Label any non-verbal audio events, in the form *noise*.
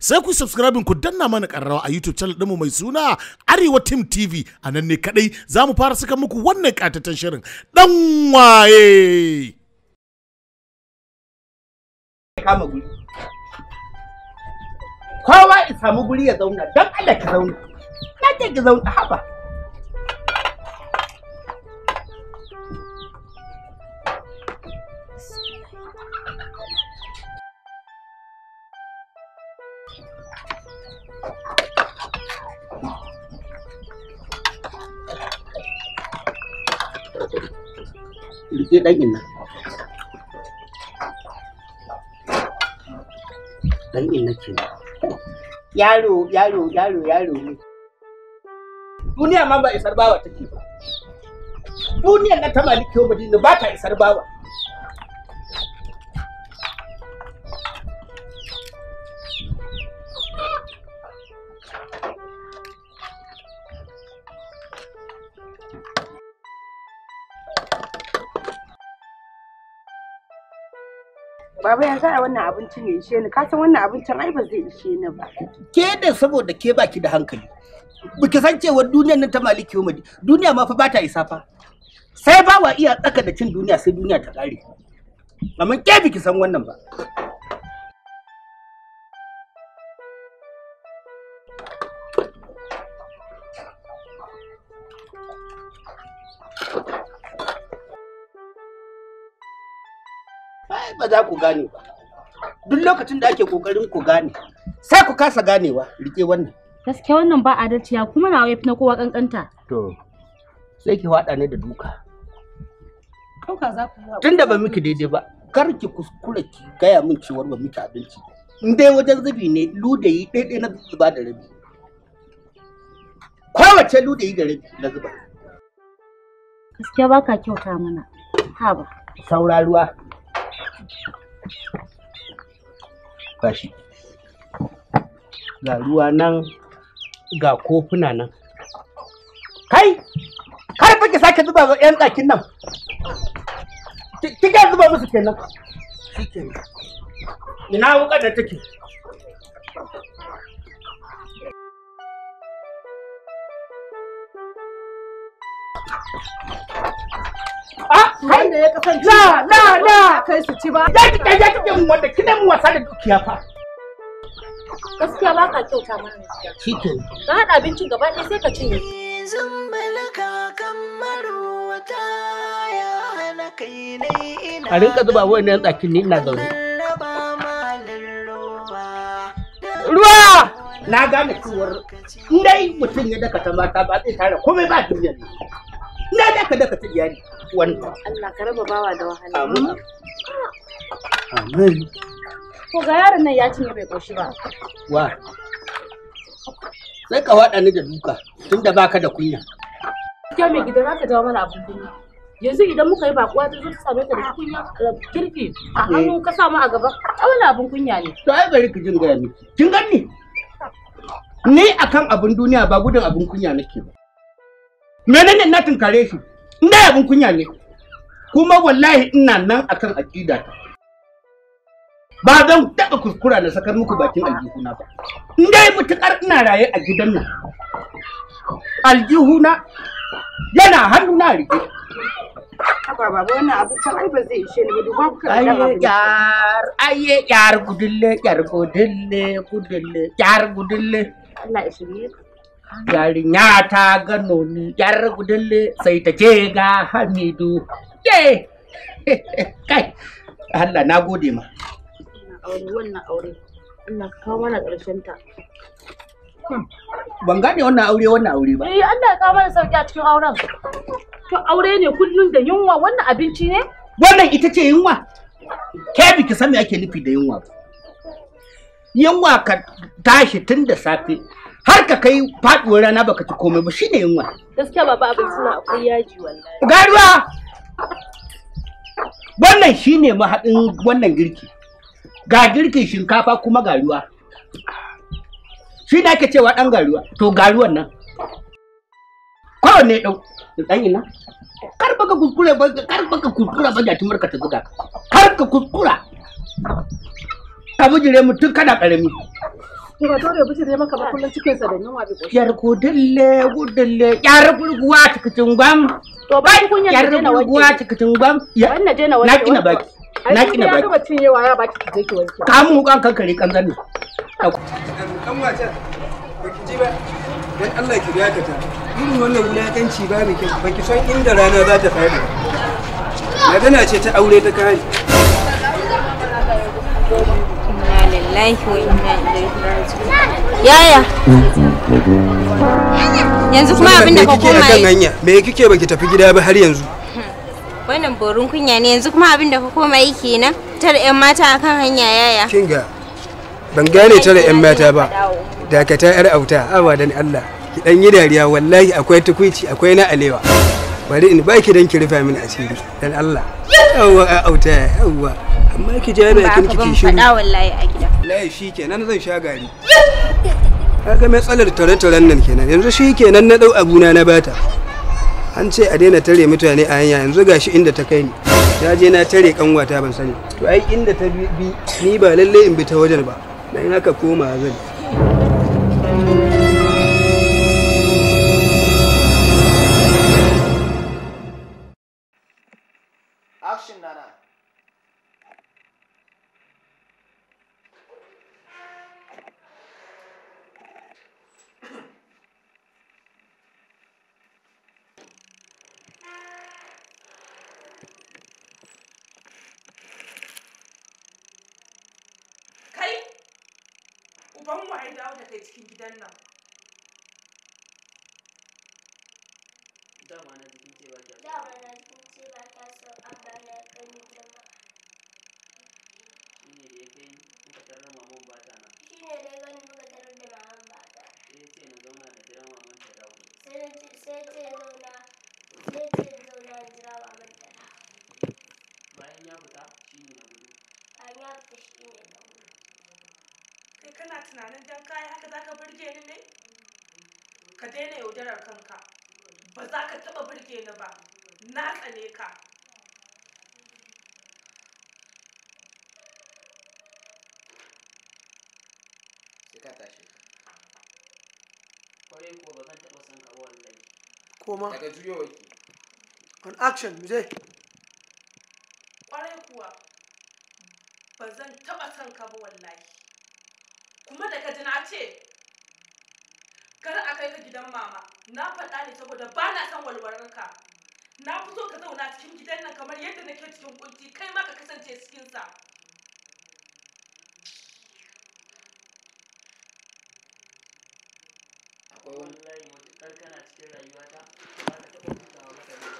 sai ku subscribing ku danna mana karrawa a YouTube channel ɗinmu mai suna Arewa Team TV a nan ne kadai za mu fara saka muku wannan katatan shirin dan waye kama guri kowa ya samu guri ya zauna dan Allah ka zauna na ce ki zauna haba Yaro, yaro, yaro, yaro ne. Duniya ma ba isar bawa take ba. Duniyar na ta maliki yau ba ta isar bawa. Baba ya za wannan abincin ya ishe ni, ka san wannan abincin ai ba zai ishe ni ba. Ke da saboda ke baki da hankali. Biki san cewa duniyar nan ta maliki yomadi, duniya ma fa ba ta isa fa. Sai ba wa iya tsaka da cin duniya sai duniya ta kare. Amma ke biki san wannan ba. ba za ku gane ba duk lokacin da ake kokarin ku gane sai ku kasa ganewa rike wannan gaskiya wannan ba adalci ya kuma nawa yafi na kowa kankanta to sai ki hada ne da duka duka za ku tunda ba miki daidai ba kar ki kuskure ki gaya min cewar ba miki abinci in dai wajen zubi ne yi daidai na zuba da rabi kowace yi da rabi na zuba gaskiya baka kyauta mana haba saura ruwa gashi ga ruwa nan ga kofuna nan kai kai fa ki sake zuba ga yan tsakin nan ki zuba musu kenan shikenan ina wukar da take Ah, wanda Na, na, na! la wasa da dukiya fa gaskiya ba ka ka abincin gaba ɗaya sai ka cinye a rinka zuba wayannan tsakin ni ina zaune ruwa na gane cewar dai mutum ya daka ta mata ba zai tare komai ba duniya ne. na daka daka ta iyali wannan Allah ka raba bawa da wahala amin amin ko ga yaron nan ya cinye bai koshi ba wa sai ka wada ni da duka tunda baka da kunya ke mai gida za ka dawo mana abin kunya yanzu idan muka yi bakuwa ta zo ta same ka da kunya kirki a hannu ka samu a gaba a wani abin kunya ne to ai bari ki jin gaya miki kin ganni ni akan abin duniya ba gudun abin kunya nake ba menene na tunkare shi ina abin kunya ne kuma wallahi ina nan akan aƙida ta ba zan taɓa kuskura na sakar muku bakin aljihuna ba in dai mutukar ina raye a gidan nan aljihuna yana hannu na rike Aye, yar gudulle, yar gudulle, gudulle, yar gudulle. Allah ya shirye yarinya ta gano ni yar gudulle sai ta ce ga hamidu ye *laughs* kai Allah na gode ma aure wannan aure Allah ka kawo mana ta hmm, ban gane wannan aure wannan aure ba eh Allah ka mana sauki a cikin auren to aure ne kullun da yunwa wannan abinci ne wannan ita ce yunwa ke biki san me ake nufi da yunwa ba yunwa ka tashi tun da safe har ka kai faduwar rana baka ci komai ba shine yunwa gaskiya baba abin suna akwai yaji wallahi garuwa wannan shine mahaɗin wannan girki ga girkin shinkafa kuma garuwa shi ake cewa dan garuwa to garuwan nan kowanne ɗau dan ina kar baka kuskure ba kar baka kuskura ba da tumar ka ta buga kar ka kuskura ta bijire mu tun kana karami dole maka ba cikin sa da na na kina baki na kina ba ya baki ki wanke ka mu kan kan wace ba ji ba dan Allah ki ta. irin wannan wulakanci ba ba ki san inda rana za ta magana ce ta aure ta kare yaya yanzu kuma abin da ka koma yi me kike baki tafi gida ba har yanzu wannan borin kunya ne yanzu kuma abin da ka koma yi kenan tare yan mata akan hanya yaya kinga ban gane tare yan mata ba dakata yar auta dan Allah ki dan yi dariya wallahi akwai tukuici akwai na alewa bari in baki dan ki rufa min asiri dan Allah yawwa auta yawwa amma ki ja bai kin kike shi ba wallahi a gida wallahi shi kenan zan sha gari kaga matsalar tare-taren nan kenan yanzu shi kenan na dau abuna na bata an ce a daina tare mutane a hanya yanzu gashi inda ta kai ni ta je na tare kanwata ban sani to ai inda ta bi ni ba lalle in bi ta wajen ba dan haka koma zan ubanmu a yi dawo da kai cikin gidan nan dama na jikin ce ba ta dama na jikin ce ba ta so amma na gani zama shine da ya kai muka tarar maman ba ta nan shine da ya gani muka tarar da maman ba ta sai ce na zauna da jiran maman ta dawo sai ce tunanin dan kaya haka za ka birge ni ne ka daina yaudarar kanka ba za ka taɓa burge ni ba na tsane ka sai ka tashi kwarai kuwa ba zan taɓa son ka wallahi koma daga juyowa ke on action mu je kwarai kuwa ba zan taɓa son ka wallahi kuma da ka ji na ce kar a kai ka gidan mama na faɗa ne saboda ba na son walwararka na fi so ka zauna cikin gidan nan kamar yadda nake cikin kunci kai ma ka kasance cikinsa akwai wani layi matuƙar kana cikin rayuwata ba ka taɓa maka